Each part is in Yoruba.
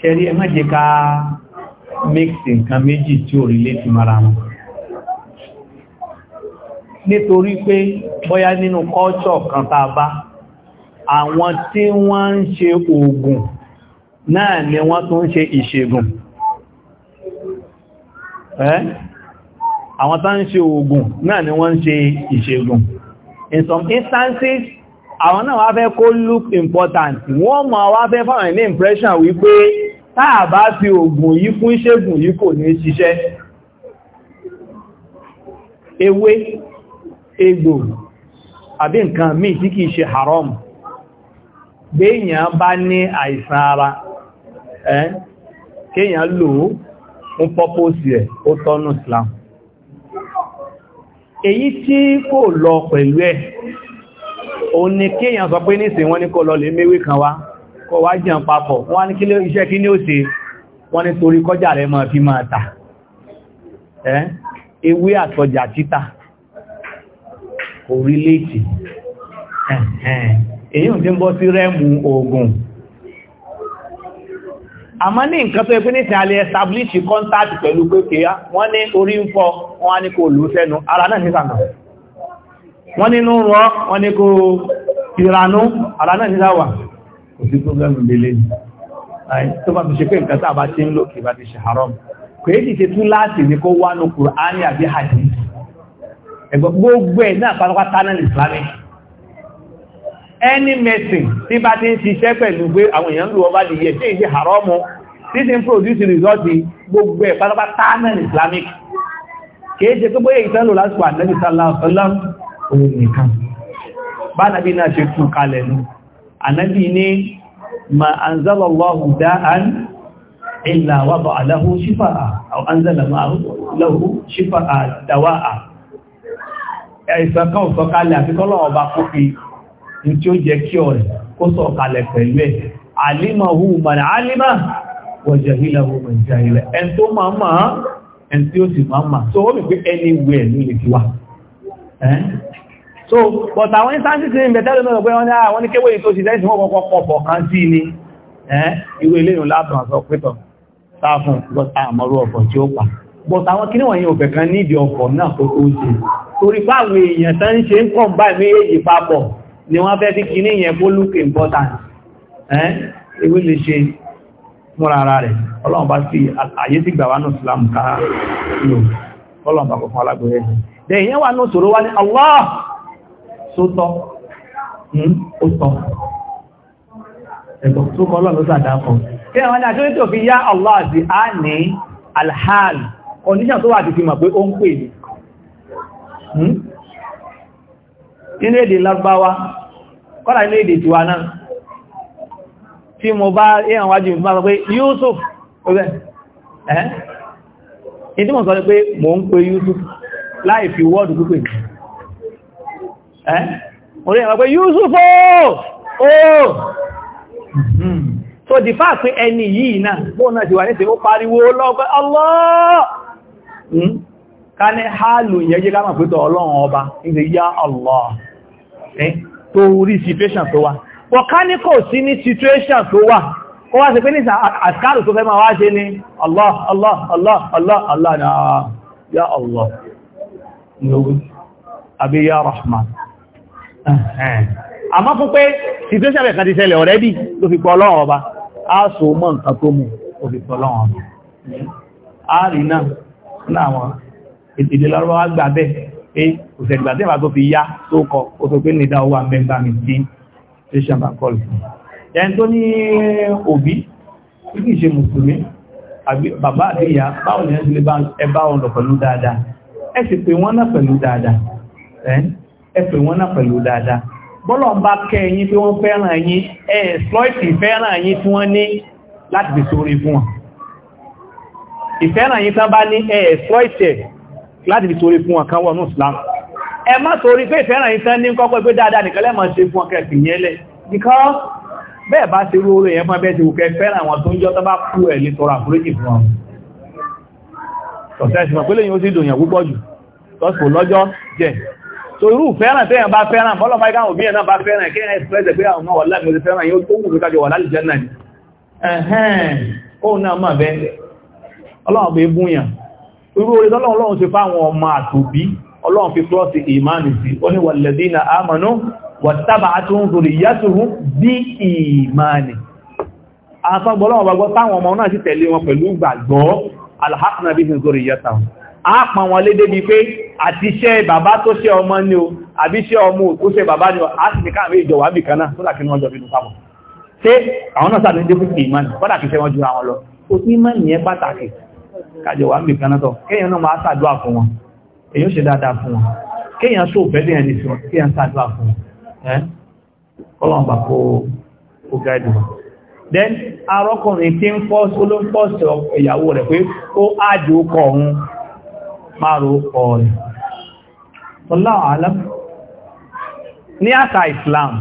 ṣẹ̀rí ẹ má jẹ́ ká mixi nǹkan méjì tí ò rí létí mara wọn nítorí pé bóyá nínú culture kan tá a bá àwọn tí wọ́n ń ṣe oògùn náà ni wọ́n tún ń ṣe ìṣègùn àwọn tá ń ṣe oògùn náà ni wọ́n ń ṣe ìṣègùn in some instances àwọn náà wá fẹ́ kó look important wọ́n mọ̀ wá fẹ́ fáwọn ní impression wípé táà bá fi ògùn yìí fún ìṣègùn yìí kò ní ṣiṣẹ́ ewé egbò àbí nǹkan míì tí kìí ṣe haram béèyàn bá ní àìsàn ara ẹ́ kéèyàn lò ó fún pọ́pọ́sì ẹ̀ ó tọ́nù Islam èyí tí kò lọ pẹ̀lú ẹ̀ òun ni kéèyàn sọ pé nísìn wọ́n ní kò lọ lè méwé kan wá kọ wá jẹun papọ̀ wọ́n ní kílé iṣẹ́ kí ní ó ṣe wọ́n ní torí kọjá rẹ̀ máa fi máa tà ewé àtọjà títà kò rí léèkì èyí ò tí ń bọ́ sí rẹ́mù oògùn àmọ́ ní nǹkan tó ẹgbẹ́ nìsìn alẹ́ establish contact pẹ̀lú pé kí wọ́n ní orí ń fọ́ wọ́n ní kò lù sẹ́nu ara náà ní sàmà wọ́n nínú rọ́ wọ́n ní kò ìranú ara náà ní sáwà kò sí pọ́blẹ́mù délé ní tó bá fi ṣe pé nǹkan tàbá tí ń lókè bá ti ṣe haram kò èdè ṣe tún láti ní kó wá ní Kùránì àbí hadith ẹgbọ́ gbogbo ẹ̀ náà pátápátá náà islamic any medicine tí bá ti ń ṣiṣẹ́ pẹ̀lú pé àwọn èèyàn lò ọba lè yẹ tí ìṣe haram tí ti ń produce result gbogbo ẹ̀ pátápátá náà islamic kìí ṣe tó bóyá ìtẹ́lò lásìkò àdẹ́bìsálà ọ̀sọ́lá òun nìkan bá nàbí náà ṣe tún ànábì ní ma anzalallahu da'an illa wada'a lahu shifa'a aw anzala ma'ahu lahu shifa'a dawa'a ẹ̀sọ̀kan sọ̀kalẹ̀ àfikọ́lọ̀ ọba kó fi tí ó jẹ́ kí ọ̀rẹ̀ kó sọ̀kalẹ̀ pẹ̀lú ẹ̀ alimahu man alima wọ̀jẹ̀hílahu man jahila ẹn tó máa máa ẹn tí ó sì máa máa tó anywhere ló lè ti wà so but àwọn instances ní ìbẹ̀tẹ́lẹ̀ mẹ́rọ pé wọ́n ní àwọn ah, ní kéwé ìtò òṣìṣẹ́ ìṣẹ́ wọ́n kọ́kọ́ pọ̀ kan sí ni ìwé ilé ìrùn látọ̀ àṣọ pẹ́tọ̀ sáfún but àmọ́rú ọkọ̀ tí ó pa but àwọn kí níwọ̀nyí òfẹ́ kan níbi ọkọ̀ náà tó tó ṣe torí páwọn èèyàn tán ń ṣe ń pọ̀ bá méjèèjì papọ̀ ni wọ́n fẹ́ tí kinní yẹn kó look important ewé lè ṣe múra ara rẹ̀ ọlọ́run bá sí àyè sí gbàwà náà Islam ká lò ọlọ́run bá kọ̀kan alágbèrè ẹ̀dẹ̀ ìyẹn wà náà sọ̀rọ̀ wá ní Allah tó tọ́ hmm? ó tọ́ ẹ̀gbọ́n tó kọ́ lọ́nà sàdá kan kí àwọn ní tó fi yá Allah sí á alhal tó wà ti fi mọ̀ pé ó ń pè ní hmm? nínú èdè lágbáwá kọ́lá nínú èdè tiwa náà tí mo bá èèyàn wájú mi máa pé Yusuf ọgbẹ́ ẹ́ ìdí mọ̀ sọ pé ń pe Yusuf láì fi wọ́ọ̀dù eh orí ẹ̀mọ̀ pé Yúsùfò ó hmm. so di fà pé ẹni yìí náà bóò náà ti wà nítorí ó pariwo lọ́pẹ́ Allah hmm. hálù ìyẹn jẹ́ káàmà pẹ́tọ̀ ọlọ́run ọba ní yá Allah eh? tó rí situation tó wà wọ́n kò sí ní situation tó wà kó wá sí pé nísà àkàrù tó fẹ́ máa wá ṣe ní ya ya àmọ́ fún pé situation rẹ̀ kan ti ṣẹlẹ̀ already ló fi pọ̀ ọlọ́run ọba á so mọ́ nǹkan tó mú ó fi pọ̀ ọlọ́run ọba á rí náà láwọn ìdílé lọ́rọ̀ wá gbà bẹ́ẹ̀ pé kò sẹ̀gbà tí ìwà tó fi yá tó kọ ó sọ pé nìdá owó àmẹ́gbà mi tí station bank call fún ẹni tó ní òbí tí kìí ṣe mùsùlùmí bàbá àti ìyá báwọn ni ẹ ẹ pè wọ́n náà pẹ̀lú dáadáa bọ́lọ̀ ń bá kẹ́ ẹ̀yin pé wọ́n fẹ́ràn yín ẹ ẹ̀sọ́ìtì fẹ́ràn yín tí wọ́n ní láti fi sórí fún wọn ìfẹ́ràn yín tán bá ní ẹ ẹ̀sọ́ìtì láti fi sórí fún wọn kan wọnú Islam so irú fẹ́ràn tẹ́yàn bá fẹ́ràn bọ́lọ̀ bá ikáwọn obìnrin náà bá fẹ́ràn kí ẹ̀yàn express pé ah, àwọn náà wọ́lá ìwọ̀n fẹ́ràn yóò tó wùkú kájọ wà láti jẹ́nà ní ẹ̀hẹ́n kó náà máa bẹ́ ọlọ́run bẹ búyàn irú orí tọ́lọ́run ti fáwọn ọmọ àtòbí ọlọ́run fi plus ìmánu sí ó ní wàlẹ̀dínà àmànú wàtábà àtún torí yàtùrú bí ìmáni àfọ́gbọ́lọ́wọ́ gbọ́ táwọn ọmọ náà sì tẹ̀lé wọn pẹ̀lú gbàgbọ́ alhaqna bihim zuriyatahum a pọn wọn lé débi pé àti iṣẹ́ bàbá tó ṣe ọmọ ni o àbí iṣẹ́ ọmọ òkú ṣe bàbá ni o a sì ní káàmì ìjọ wà bìkan náà fúnlá kí wọ́n jọ fínú papọ̀ ṣé àwọn náà sàdé débi sí ìmánì fọ́dà kí ṣe wọ́n jura wọn lọ ó ní ìmánì yẹn then arọ́kùnrin tí ń fọ́ sóló fọ́sọ̀ ìyàwó rẹ̀ pé ó ájò kọ̀ ọ̀hún márò pọ̀ rẹ̀ wallahu ní àṣà Islam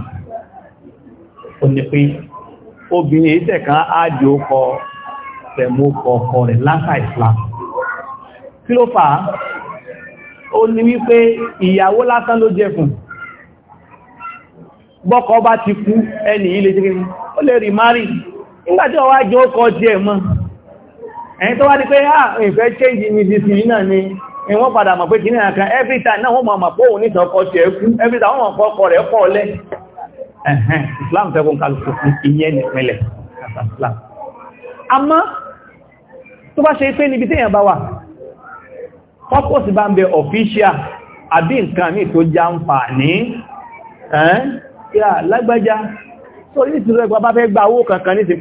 ò ní pé obìnrin èyítẹ̀ kan ájò kọ pẹ̀mú kọ̀ọ̀kọ̀ rẹ̀ láṣà Islam kí ló fà á ó ní wípé ìyàwó lásán ló jẹ́ fún bọ́kọ bá ti kú ẹni ilé jẹ́ ó lè rí márì nígbàtí ọwá jẹ́ ó kọ́ jẹ́ mọ́ ẹ̀yìn tó wá ní pé ah ìfẹ́ change ní di sinmi náà ni wọ́n padà mọ̀ pé kìíní àkà every time náà wọ́n mọ̀ pé òun nìtàn ọkọ̀ ṣe ẹkú every time wọ́n mọ̀ ọkọ̀ rẹ̀ pọ̀ lẹ́ ẹ̀hẹ́n Islam fẹ́ kún kálùkù fún ìyẹn nìpínlẹ̀ Islam àmọ́ tó bá ṣe pé níbi téèyàn bá wà purpose bá ń bẹ official àbí nǹkan míì tó já ń fà ní lágbájá tó ní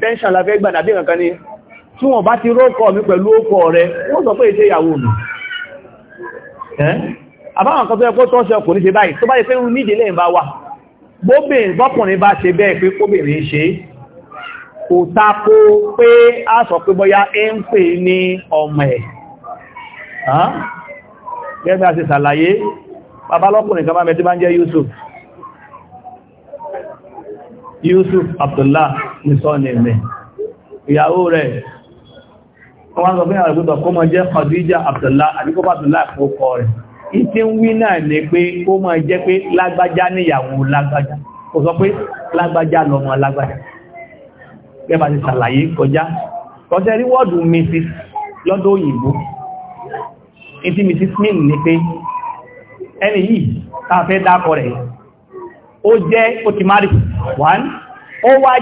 pension la fẹ́ gbà nàbí kankan tí wọ́n bá ti rókọ mi pẹ̀lú ókọ rẹ̀ wọ́n sọ pé ìṣe ìyàwó mi àbáwọn kan tó ẹkọ́ tó ṣe ọkùnrin ṣe báyìí tó bá yẹ pé ń nídìílẹ̀ ń bá wà bóbìnrin bọ́kùnrin bá ṣe bẹ́ẹ̀ pé kóbìnrin ṣe kò tako pé a sọ pé Yusuf Yusuf Abdullah ní sọ́ọ̀nì ìyàwó rẹ̀ wọ́n sọ fún àwọn ìgbótọ̀ kó mọ́ jẹ́ Khadija Abdullah àdíkọ́bà Abdullah fún ọkọ rẹ̀. ìtí ń wí náà ni pé kó mọ́ jẹ́ pé lágbájá níyàwó lágbájá kò sọ pé lágbájá lọ́mọ lágbájá gẹ́bà ti sàlàyé kọjá kọjá rí wọ́ọ̀dù mrs ta fẹ́ dákọ rẹ̀ ó jẹ́ ó ti márì wọ́n ó wá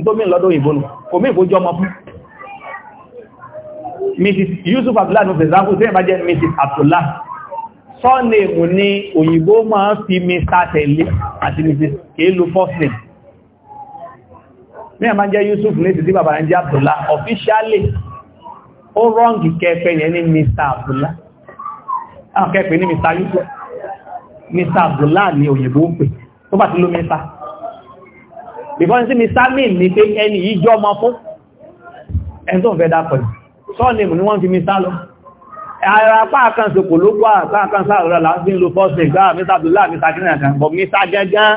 nítòmí lọ́dọ̀ òyìnbó nù kò mí ìkójọ́ ọmọ fún mrs yusuf abdullah ní fẹ̀sáfù tí ìbá jẹ́ mrs abdullah sọ́nẹ̀mù ni òyìnbó máa ń fi mr tẹ̀lé àti mrs kéèlú first name ní ẹ̀má jẹ́ yusuf ní ti tí bàbá ń jẹ́ abdullah officially ó rọ́ǹgì kẹfẹ́ yẹn ní mr abdullah àwọn kẹfẹ́ ní mr yusuf mr abdullah ni òyìnbó ń pè tó bá ti ló mẹ́ta because sí mi sáàmì ní pé ẹni yìí jọ ọmọ fún ẹni tó ń fẹ́ dápọ̀ ní sọ́ọ̀nìmù ni wọ́n fi mi sá lọ ara apá kan sòkò ló pọ̀ apá kan sáàrọ̀ láti lo first day gbá mr abdullahi mr kìnnà kan bọ̀ mr gẹ́gán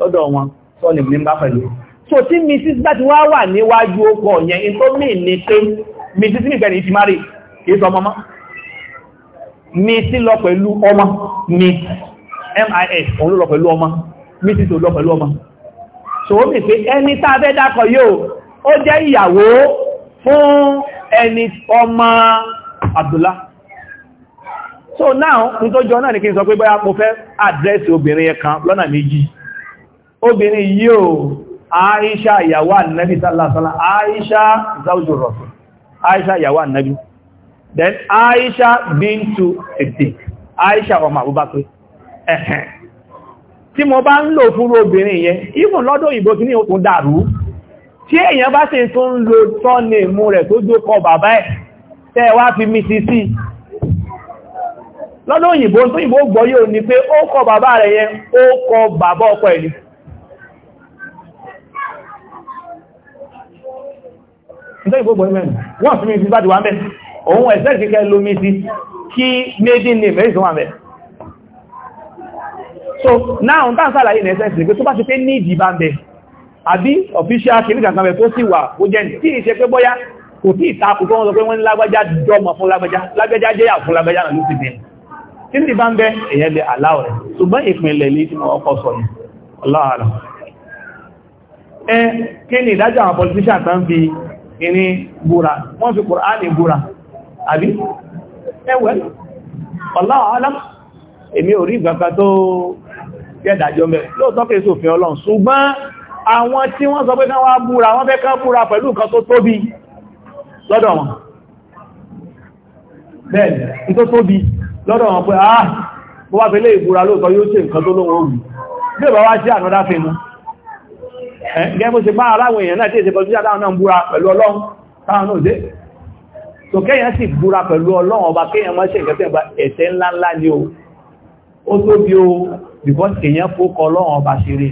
lọ́dọ̀ wọn sọ́ọ̀nìmù ní bá pẹ̀lú so tí mrs bá ti wá wà níwájú ọkọ̀ yẹn in tó mì ní pé mrs mi bẹ̀rẹ̀ ìtìmárì kìí sọ ọmọ mi sí lọ pẹ̀lú ọmọ mi mis òun ló lọ pẹ̀lú ọmọ mrs ò lọ pẹ̀lú ọmọ ṣòwò mi pé ẹni tá a fẹ́ dákọ̀ yóò ó jẹ́ ìyàwó fún ẹni ọmọ Abdullah so now ní tó jọ náà ní kí n sọ pé bóyá mo fẹ́ àdírẹ́sì obìnrin yẹn kan lọ́nà méjì obìnrin yíò Aisha ìyàwó ànàbí sálásálá Aisha zawjú Rasul Aisha ìyàwó ànàbí then Aisha bintu Siddiq Aisha ọmọ Abubakar ẹ̀hẹ̀n tí mo bá ń lò fún obìnrin yẹn even lọ́dọ̀ òyìnbó kí ní okùn dàrú tí èèyàn bá ṣe tó ń lo tọ́nà ìmú rẹ̀ tó jókọ bàbá ẹ̀ tẹ́ wá fi mi sí sí lọ́dọ̀ òyìnbó tó yìnbó gbọ́ yóò ní pé ó kọ bàbá rẹ̀ yẹn ó kọ bàbá ọkọ ẹ̀ ni ìtọ́ ìgbó gbọ́ mẹ́rin wọ́n fi mi sí bá ti wà mẹ́ òun ẹ̀sẹ́ kíkẹ́ lómi sí kí méjì ní mẹ́rin tó wà mẹ́rin so now n tán sàlàyé ní ẹsẹ̀ pé tó bá ti pé ní ìdìbà ń bẹ àbí official kìnnìkan kan bẹ tó sì wà kó jẹ́ tí ìṣe pé bóyá kò tí ìtakù tó wọ́n sọ pé wọ́n lágbájá dọ́mọ fún lágbájá lágbájá jẹ́yà fún lágbájá náà ló ti bẹ̀rẹ̀ tí ní bá ń bẹ́ èyẹ lè aláwọ̀ rẹ̀ ṣùgbọ́n ìpínlẹ̀ lè tí wọ́n kọ́ sọ ní ọláàrà ẹ kí ni ìdájọ́ àwọn politician tán fi ìní búra wọ́n fi Kùránì búra àbí ẹwẹ́ ọláàrà èmi ò rí ìgbàkà tó jẹ́dàjọ́ mẹ́ lóòtọ́ kìí sòfin ọlọ́run ṣùgbọ́n àwọn tí wọ́n sọ pé kán wá búra wọ́n fẹ́ kán búra pẹ̀lú nǹkan tó tóbi lọ́dọ̀ wọn bẹ́ẹ̀ tó tóbi lọ́dọ̀ wọn pé ah bó wá fẹ́lẹ̀ ìbúra lóòtọ́ yóò ṣe nǹkan tó lóhun òwú bí ìbá wá sí ànọ́dá fínú gẹ́ bó ṣe bá aláwọ̀ èèyàn náà tí èsè pẹ̀lú àdáwọn náà búra pẹ̀lú ọlọ́run táwọn náà dé tó kéèyàn sì búra pẹ̀lú ọlọ́run ọba kéèyàn mọ́ ṣe ìkẹtẹ̀ ẹ̀ṣẹ̀ ńláńlá ni o ó tóbi o because èyàn fókọ ọlọ́run ọba ṣeré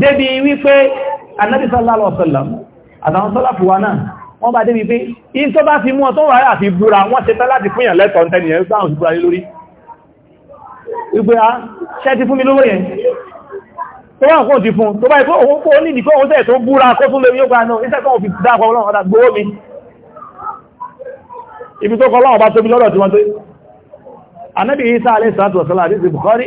débi wípé Ànábì sallallahu alaihi wasallam àtàwọn sọ́láfù wa náà wọ́n bá débi pé in tó bá fi mú ọ̀tọ́ wà láti búra wọ́n ṣe tán láti fúnyàn lẹ́tọ̀ọ́ tẹ́ni ẹ̀ sáwọn ti búra lé lórí wípé a ah, ṣẹ́ ti fún mi lówó yẹn tó wà kó ti fún tó bá ikú òun kó ní ìdíkọ́ òun tẹ́ tó búra kó fún lórí yóò náà iṣẹ́ kan fi dáàpọ̀ ọlọ́run ọ̀dà gbówó mi ibi tó kọ́ ọlọ́run bá tóbi lọ́dọ̀ tí wọ́n tó Ànábì Isa alayhi salatu wa salam àdíṣe Bukhari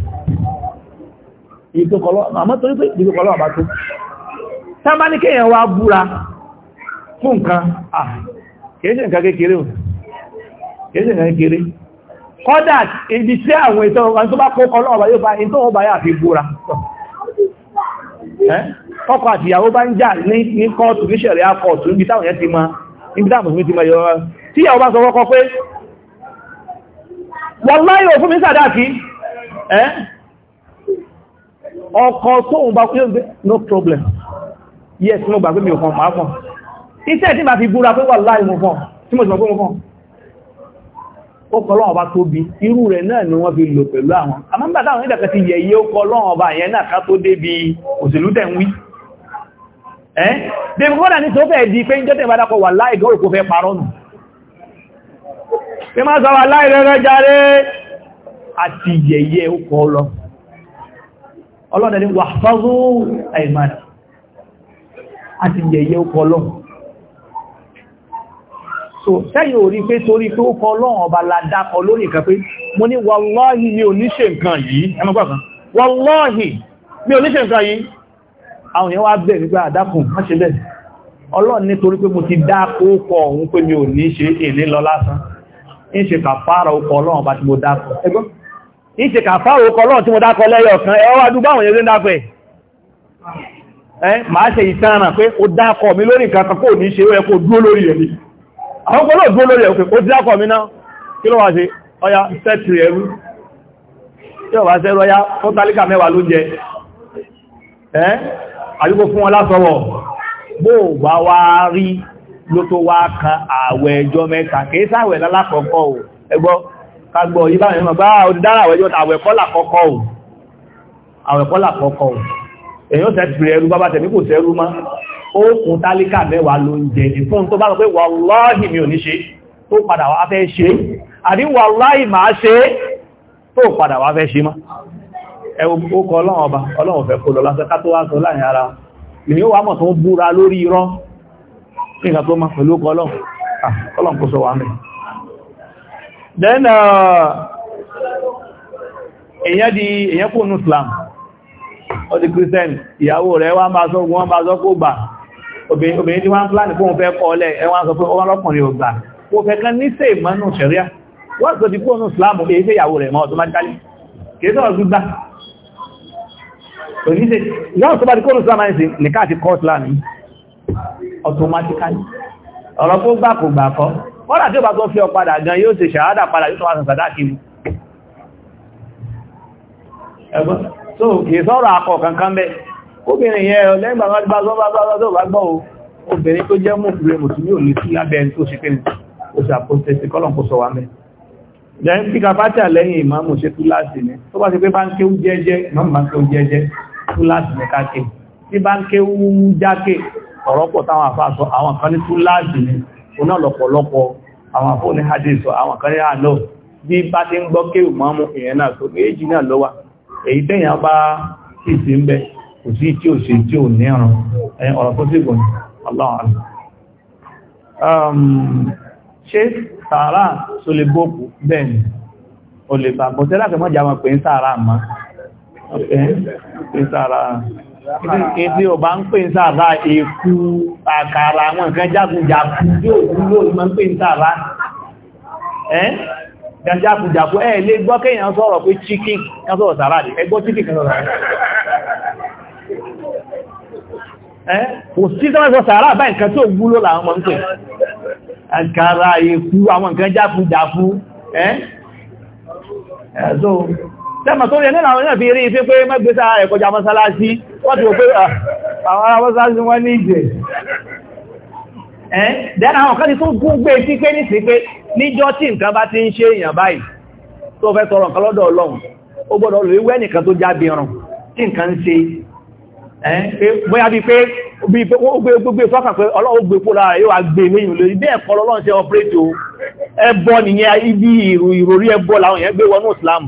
ìtòkọlọ́ àmọ́ tá bá ní kéèyàn wá búra fún nǹkan kèéṣe nǹkan kékeré o kèéṣe nǹkan kékeré kọ́dà ibi tí àwọn ìtọ́ ọ̀gbà tó bá kó kọlọ́ ọ̀bà yóò bá ìtọ́ ọ̀bà yà fi búra àti ìyàwó bá ń ọkọ̀ tó ń bá kúrò no problem yes mo gbà pé mi ò fọ́n máa fọ́n iṣẹ́ tí ma fi búra pé wà láì mo fọ́n tí mo sì mọ̀ pé mo fọ́n ó kọ́ lọ́wọ́ bá tóbi irú rẹ̀ náà ni wọ́n fi lò pẹ̀lú àwọn àmọ́gbà táwọn ìdàkẹ́ sọ wà láì járe àti yẹ̀yẹ́ ó kọ́ lọ́wọ́ ọlọ́dẹ̀ ní wàfáwó àìmára àti yẹ̀yẹ́ ó kọ lọ́n so sẹ́yìn ò rí pé torí pé ó kọ lọ́n ọba ládákọ lórí ìkà pé mo ní wàláhì mi ò níṣe nǹkan yìí ẹmọ́gbàkan wàláhì mi ò níṣe nǹkan yìí àwọn èèyàn wá bẹ̀ nígbà àdákùn má ṣe bẹ́ẹ̀ ọlọ́run ní torí pé mo ti dákó kọ òun pé mi ò ní ṣe èlé lọ lásán ìṣe kàfàrò kọlọ́n tí mo dákọ lẹ́yọ kan ẹ wá dúgbà àwọn yẹ́rẹ́ dápẹ́ ẹ́ máa ṣe ìtànà pé ó dákọ mi lórí kankan kò ní ṣe ẹkọ dúó lórí ẹ̀mí àwọn kọlọ́ dúó lórí ẹ̀kọ́ ó dákọ mi náà kí ló wá ṣe ọya sẹ́tìrì ẹrú tí ó wá ṣe rọya fún tálíkà kan ààwẹ̀ ẹjọ́ mẹ́ta kìí sáwẹ̀ lálákọ̀ọ́kọ́ ẹgbọ́n kagbọ̀ yí báyìí mọ̀ bá dára àwẹ̀jọ́ àwẹ̀kọ́là kọ́kọ́ ò àwẹ̀kọ́là kọ́kọ́ ò èyàn tẹ́ ti bèèrè ẹrú bábá tẹ̀mí kò sẹ́rú má ó kún tálíkà mẹ́wàá ló ń jẹ ìfún tó bá lọ pé wàláhì mi ò ní ṣe tó padà wá fẹ́ ṣe àbí wàláhì máa ṣe tó padà wá fẹ́ ṣe má ẹwọ ókọ ọlọ́run ọba ọlọ́run fẹ́ kó lọ lásán ká tó wá sọ láàrin ara ìní ó wà mọ̀ tó ń búra lórí irọ́ then uh, èyàn di èyàn kò ní Islam ó di Christian ìyàwó rẹ̀ wá máa sọ́gbọ́n wọ́n máa sọ́gbọ́ gbà obìnrin tí wọ́n plan fún fẹ́ kọ́ọ̀lẹ̀ ẹwọ́n sọ pé ọwọ́n lọ́kùnrin ògbà kò fẹ́ kan ní sè mọ́nù sẹ̀ríà wọ́n sọ ti kó ní Islam èyí sí ìyàwó rẹ̀ mọ́ automatically kìí sọ́rọ̀ gbígbà òníṣẹ́ ìyàwó Islam ẹ̀sìn nìkan àti kọ́ Islam automatically ọ̀rọ̀ kó gbà kọ́lá tí ó bá tó fi ọpadà gan yóò ṣe ṣàádà padà yóò tọ́wà sàdá kí ẹgbọ́n so kì í sọ́rọ̀ akọ kankan bẹ́ obìnrin yẹ lẹ́gbà wọ́n bá sọ́ bá sọ́ tó bá gbọ́ obìnrin tó jẹ́ mọ́kùnrin mùsùlùmí ò ní sí abẹ́ tó ṣe kẹ́ni ó ṣe àpọ́sẹsẹ kọ́lọ̀n kó ni tó bá ti pé bá ń kéwú jẹ́jẹ́ ìmáàmù bá ń kéwú jẹ́jẹ́ túláàsì ní káàkiri tí bá ń kéwú jákè ọ̀rọ̀pọ̀ táwọn àfáà sọ àwọn kan ní túláàsì oná lọ̀pọ̀lọpọ̀ àwọn fóònù hadith àwọn kan yá náà bí bá ti ń gbọ́ kéwù mọ́mú èèyàn náà tó méjì náà lọ́wà èyí tẹ́yàn bá sì sí ń bẹ kò sí tí ò sí tí ò ní ọ̀rọ̀ ọ̀rọ̀ tó sì gùn ètí ọba ń pè ń sàbá èkú àkàrà àwọn nǹkan jákùjákù yóò dúró ìmọ̀ ń pè ń sàbá ẹ́ jákùjákù ẹ̀ lè gbọ́ kéèyàn sọ̀rọ̀ pé chicken kan sọ̀rọ̀ sàrà rẹ̀ ẹgbọ́ chicken kan sọ̀rọ̀ ẹ́ kò sí sọ́rọ̀ sọ sàrà bá nǹkan tó wúlò làwọn ọmọ ń pè àkàrà èkú àwọn nǹkan tẹ́mọ̀ tó yẹ nínú àwọn náà fi rí fí pé mẹ́gbẹ́sà ẹ̀kọjá mọ́sálásí wọ́n ti wò pé ah, àwọn ará mọ́sálásí wọ́n ní ìjẹ̀ ẹ́ dẹ́nà àwọn kan ní tó gún gbé tí pé ní sí pé níjọ́ tí nǹkan bá ti ń ṣe èèyàn báyìí tó fẹ́ tọrọ nǹkan lọ́dọ̀ Ọlọ́run ó gbọ́dọ̀ lè wẹ́ nìkan tó jábí ọrùn tí nǹkan ń ṣe bóyá bí pé gbogbo ìfọ́kà pé Ọlọ́run gbé pò lára yóò gbé e léyìn lórí bí ẹ̀kọ́ lọ́lọ́run ṣe ọpẹ́rẹ́tì o ẹbọ nìyẹn ibi ìròrí ẹbọ làwọn èèyàn gbé wọnú ìsìlámù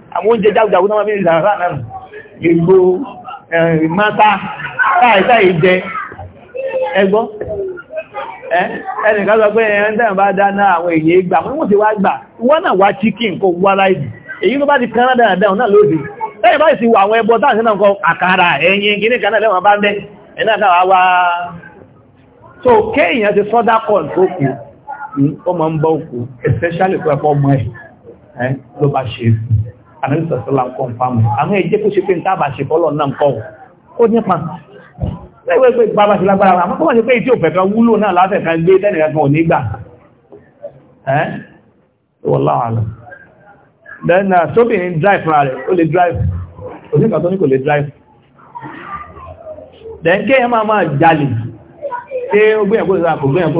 àwọn oúnjẹ jágbàgbà náà fi ìzàrà náà gbogbo eh, mata táìtà ìjẹ ẹgbọ́ ẹnìkan sọ pé ẹ̀yẹn tẹ́yàn bá dáná àwọn èyí gbà wọ́n ti wá gbà wọ́n náà wá chicken kò wá láìdì èyí ló bá ti kan rádà dáun náà lóde tẹ́yìn bá sì wà àwọn ẹbọ táàkì náà kọ àkàrà ẹ̀yìn so kéèyàn ti sọ́dá kọ̀ tó kù ọmọ ń bọ́ kù especially fún ẹ̀kọ́ ọmọ ẹ̀ ló bá ṣe é àmìlìsọ̀sọ́lá ń kọ̀nfàmù àmì ẹjẹ́ kó ṣe pé ń tábà ṣe fọ́lọ̀ náà ń kọ̀wọ̀ ó nípa lẹ́gbẹ̀ẹ́ bàbá ṣe lágbára àmọ́ tó wọ́n ṣe pé ìtí òfẹ́fẹ́ wúlò náà látẹ̀kan gbé tẹ́nìyàn onígbà ẹ́ wọ́láwàlá then uh, tóbìnrin drive fúnra rẹ̀ ó lè drive oníkà tó ní kò lè drive then kí ẹ máa máa jalè tí ó gbìyànkó ìsìlá kò gbìyànkó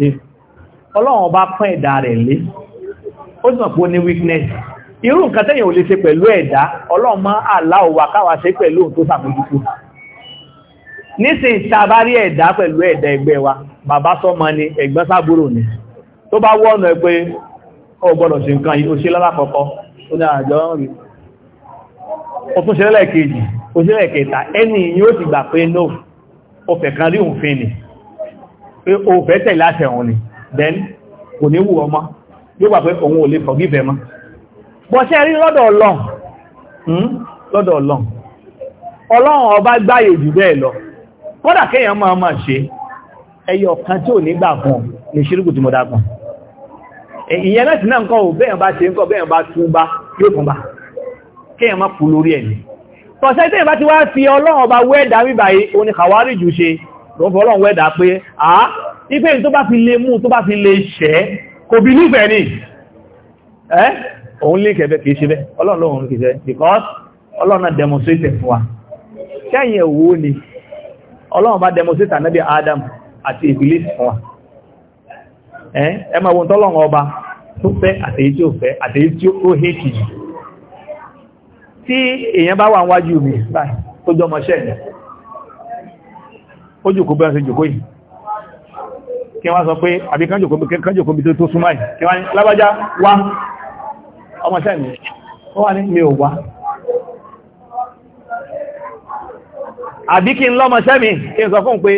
ìsìlá ọlọ́run ọba pọ́n ẹ̀dá rẹ̀ lé ó sì mọ̀ ní weakness irú nǹkan tẹ́yìn ò lè ṣe pẹ̀lú ẹ̀dá ọlọ́run mọ́ aláòwà káwà ṣe pẹ̀lú ohun tó sàmójútó nísìn ni ẹ̀gbọ́n sábúrò ni tó bá wọ́nà ẹ pé ó gbọ́dọ̀ sí nǹkan yìí ó ṣe lálákọ̀ọ́kọ́ ó ní àjọ rí ó tún ṣe lẹ́ẹ̀kejì ó ṣe lẹ́ẹ̀kẹta ẹni yóò ti gbà no ó fẹ́ kan rí òun fi ni pé ó fẹ́ tẹ̀lé àṣẹ òun ni then kò ní wù ọmọ yóò wà pé òun ò lè forgive ẹ mọ́ bọ́ ṣe rí lọ́dọ̀ ọlọ́run hmm? lọ́dọ̀ ọlọ́run ọlọ́run ọba gbáyè jù bẹ́ẹ̀ lọ kódà kéèyàn máa máa ṣe ẹyọ kan tí ò ní gbà fún lè ṣírùkù tí mo dá kan ìyẹn láti náà nǹkan ò bẹ́ẹ̀ bá ṣe nǹkan bẹ́ẹ̀ bá tún bá yóò tún bá kéèyàn má kú lórí ẹ̀yìn tọ̀sẹ́ tí ìbá ti wá fi ọlọ́run ọba wẹ́ẹ̀dá wíbàyí oníkàwárí jù ṣe lọ́fọ́ ọlọ́run wẹ́ẹ̀dá pé àá ipé tó bá fi lè mú tó bá fi lè ṣẹ́ kò bí nífẹ̀ẹ́ ni ẹ́ òun lè kẹ̀ẹ́bẹ̀ kìí ṣe bẹ́ ọlọ́run kìí ṣe because ọlọ́run náà demonstrate fún wa kẹ́yìn ẹ̀wò ni ọlọ́run bá demonstrate ànábì Adam àti Iblis fún wa ẹ máa wo tọ́lọ́run ọba tó fẹ́ àtèyí tí ó fẹ́ àtèyí tí ó hẹ́kì tí èèyàn bá wà wájú mi báyìí tó jọmọ ṣẹ́ ojú kò bẹ́ẹ̀ kí wọ́n sọ pé àbí kánjòkóbi tó súnmọ́ ì kí wọ́n lábájá wá ọmọṣẹ́ mi ó wà ní mi ò wá àbí kí n lọ́mọṣẹ́ mi kí n sọ fún pé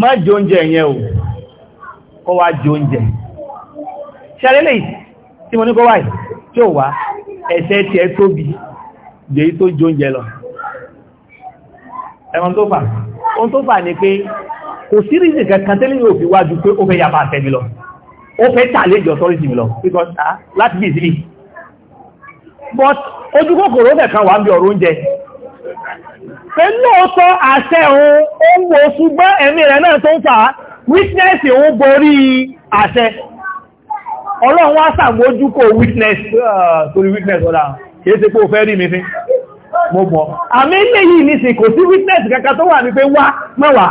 má jẹ oúnjẹ yẹn o kó wá jẹ oúnjẹ ṣẹlẹ́lẹ̀ tí mo ní kó wá tí ó wá ẹ̀ṣẹ̀ tí ẹ tóbi jẹ́ ohun tó fà ní pé kò sí ríṣì kankan tẹ́lẹ̀ yóò fi wájú pé ó fẹ́ yapa àtẹ́mi lọ ó fẹ́ tàlejò authority mi lọ because ah, láti bí ìsílì but ojú kòkòrò nẹ̀kan wà ń bí ọ̀rọ̀ oúnjẹ pé lóòótọ́ àṣẹ òun ó ń wo ṣùgbọ́n ẹ̀mí rẹ̀ náà tó ń fà á witness òun borí àṣẹ ọlọ́run wá sàmójúkò witness ah, torí witness ọ̀dá kìí ṣe pé o fẹ́ rí mi fín mo bọ̀ àmì ilé yìí ní sí kò sí witness kankan tó wà ní pé wá mẹ́wàá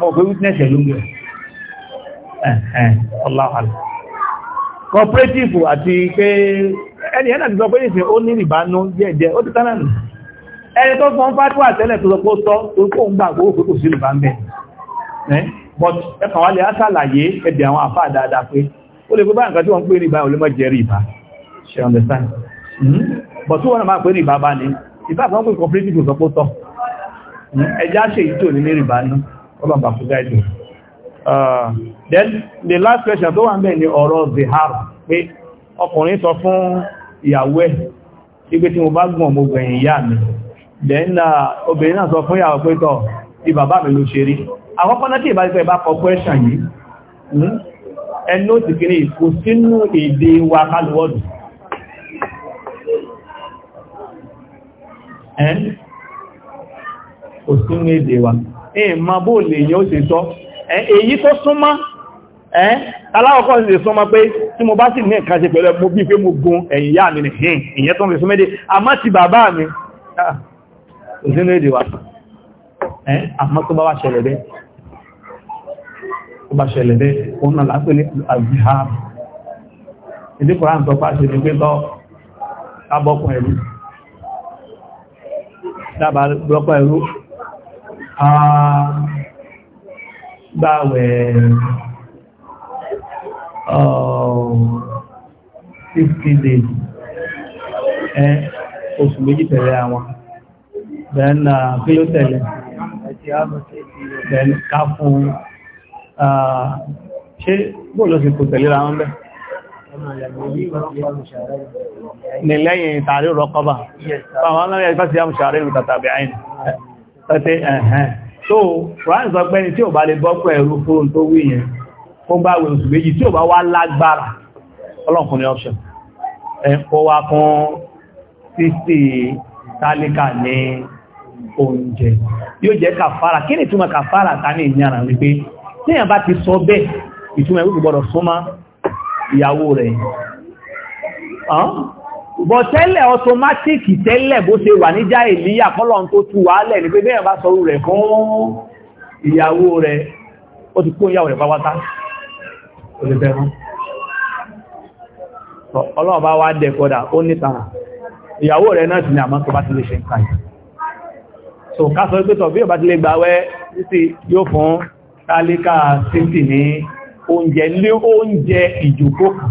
mọ̀ pé witness ẹ̀ ló ń gbẹ̀ ọláhàlá cooperative àti ẹni ẹ̀nà ti sọ tó àtẹ́lẹ̀ tó sọpọ̀ sọ orúkọ ń gbà owó kò sí ìlú ń bẹ̀ but ẹkàn wálé ásàlàyé ẹbẹ̀ àwọn àfá dáadáa pé ó lè gbogbo nǹkan tí wọ́n pè ní ìbá olómọ̀ jẹ́ rí ìbá ṣe understand hmm? but ọlọ́mbà fún gáìdì uh, then the last question tó wà ń bẹ̀ ni ọ̀rọ̀ zihar pé ọkùnrin sọ fún ìyàwó ẹ̀ wípé tí mo bá gbọ́n mo gbẹ̀yìn ìyá mi then uh, obìnrin náà sọ fún ìyàwó pé tọ́ ti bàbá mi ló ṣe rí àwọn pọ́nátì ìbájúkọ́ ìbá kọ question yìí ẹnú ti kiri kò sínú èdè wa kálùwọ́dù kò sínú èdè wa kálùwọ́dù ìmọ̀ bó lè yẹn ó ṣe sọ èyí tó súnmọ́ ẹ́ aláwọ̀kọ́ sì súnmọ́ pé tí mo bá sì ní ẹ̀kan ṣe pẹ̀lú mo bí pé mo gun ẹ̀yìn yá mi nìhìn ìyẹn tó ń fi súnmẹ́dé àmọ́ ti bàbá mi ah, òsínú èdè wà àmọ́ tó bá wá ṣẹlẹ̀ bẹ́ tó bá ṣẹlẹ̀ bẹ́ òun náà lápẹ́lẹ́ àjíhá ilé kòrán tó pàṣẹ ní pé tọ́ abọ́kùn ẹ̀rú dábàá lọ́pọ̀ ẹ̀rú a gbàwẹ̀ fifty days ẹ oṣù méjì tẹ̀lé àwọn then uh, kí ló tẹ̀lé then ká fún ṣe bóòlù sí kò tẹ̀lé ra wọn bẹ́ ní lẹ́yìn tààrí rọ́kọ́bà. Yes. Fáwọn aláwọ̀ ẹgbẹ́ sí àmúṣàrí ìlú tàtàbí àìní ọ̀tẹ́ ẹ̀hẹ́n so Quran sọ pé ní tí ò bá lè bọ́pọ̀ ẹ̀rú fún tó wí yẹn kó bá wẹ̀ oṣù méjì tí ò bá wá lágbára ọlọ́kùnrin option ẹ̀kọ́ wa kún sísì tálíkà ní oúnjẹ yóò jẹ́ kàfàrà kí ni túnmọ̀ kàfàrà ta ní ìyàrá wípé tí èyàn bá ti sọ bẹ́ẹ̀ ìtumọ̀ ìwé gbọ́dọ̀ súnmọ́ ìyàwó rẹ̀ bọ̀ tẹ́lẹ̀ ọtọmátìkì tẹ́lẹ̀ bó ṣe wà ní já ìlíyà kọ́lọ̀ tó tú wà lẹ̀ ní pé bẹ́ẹ̀ bá sọrú rẹ̀ fún ìyàwó rẹ̀ ó ti kún ìyàwó rẹ̀ pàwátá ọlọ́run so ká sọ pé tọ̀ bí ọba ti lè gbàwẹ̀ títí yóò fún tálíkà oúnjẹ lé oúnjẹ ìjòkó kan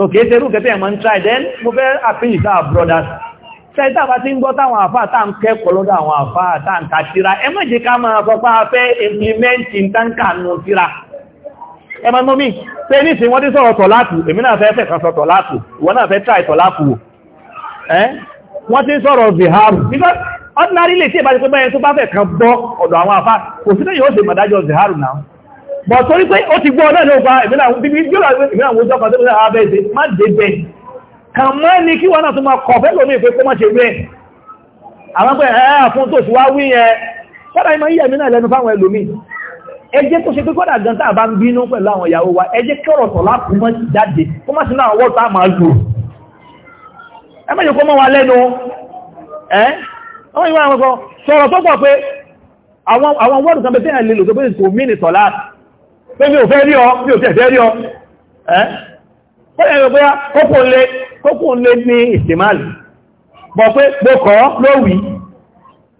so kìí ṣe rúkẹ́ tẹ́yẹ̀ máa ń try then mo fẹ́ appeal our brothers ṣẹ́ta bá ti ń gbọ́ táwọn àfáà tá ń kẹ́kọ̀ọ́ lọ́dọ̀ àwọn àfáà tá ń kàtíra ẹ má jẹ́ ká máa fọ́pá fẹ́ implement táǹkà nù síra ẹ máa mọ́ mi pé ní ìsìn wọ́n ti sọ̀rọ̀ tọ̀ láàpù èmi náà fẹ́ fẹ́ try tọ̀ láàpù ẹ́ wọ́n ti sọ̀rọ̀ ziharu ordinary lè tí ìbájẹ́ pé bẹ́ẹ̀ tó bá fẹ́ kan gbọ́ ọ̀dọ̀ àwọn àfáà kò sí lẹ́yìn ó sì bọ̀ torí pé ó ti gbọ́ ọ̀nà ní ọgbà ìmìnà àwọn ìjọba tó lẹ́ra abẹ́ ìdè má dé bẹ́ kàn mọ́ ní kí wọ́n náà tó máa kọ̀ fẹ́ lómi ìpé kó má ṣe bẹ́ àwọn pé ẹ̀ẹ́ eh, ah, fún tó ṣùwá wí yẹn kọ́dà ìmọ̀ yíyẹ̀ mìíràn lẹ́nu fáwọn ẹlòmí ẹjẹ́ tó ṣe pé kọ́dà gan tá a bá ń bínú pẹ̀lú àwọn ìyàwó wa ẹjẹ́ kọ́rọ̀ tọ̀ láàkú mọ́ jáde kó má sí náà wọ́n tá a máa lò ẹ mẹ́jọ kó mọ́ wa lẹ́nu ẹ́ wọ́n yíwá àwọn ọkọ̀ sọ̀rọ̀ tó pọ̀ pé àwọn wọ́ọ̀dù kan bẹ́ẹ̀ lè lò tó pé kò mí ní pé mi ò fẹ́ rí ọ mi ò tẹ̀ fẹ́ rí ọ ẹ́ kókò lé ní ìsìmáàlì bọ̀ pé gbókọ́ lówìí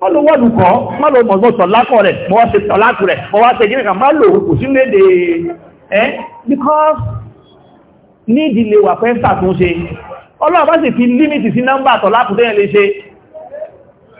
wọ́n ló wọ́dù kọ́ má lọ mọ̀gbọ́ sọ̀lákọ̀ rẹ̀ mọ́ wá ṣe sọ̀lákù rẹ̀ mọ́ wá ṣe jẹ́ ìkà má lò kò sí léde ẹ́ because ní ìdílé wà fẹ́ ṣàtúnṣe ọlọ́ọ̀bá sì fi límìtì sí nọ́mbà tọ̀lákù tẹ́yẹn lè ṣe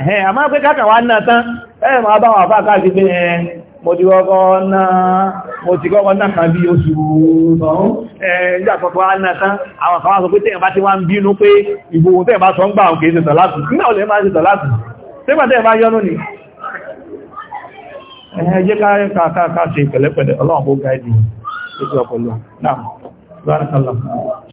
ẹ̀hẹ́n a máa pé káàkà wá náà tán ẹ̀ máa bá wà fà káàkì pé ẹ mo ti kọ́kọ́ náà mo ti kọ́kọ́ náà kan bí oṣù ìjàkọ́kọ́ náà tán àwọn kan wá sọ pé tẹ́yàn bá ti wá ń bínú pé ìgbòho tẹ́yàn bá sọ ń gbà òun kìí ṣètọ̀ láti nígbà olè máa ṣètọ̀ láti tẹ́gbà tẹ́yàn bá yọ́nú ni ẹ̀hẹ́ jẹ́ ká ṣe pẹ̀lẹ́pẹ̀lẹ́ ọlọ́run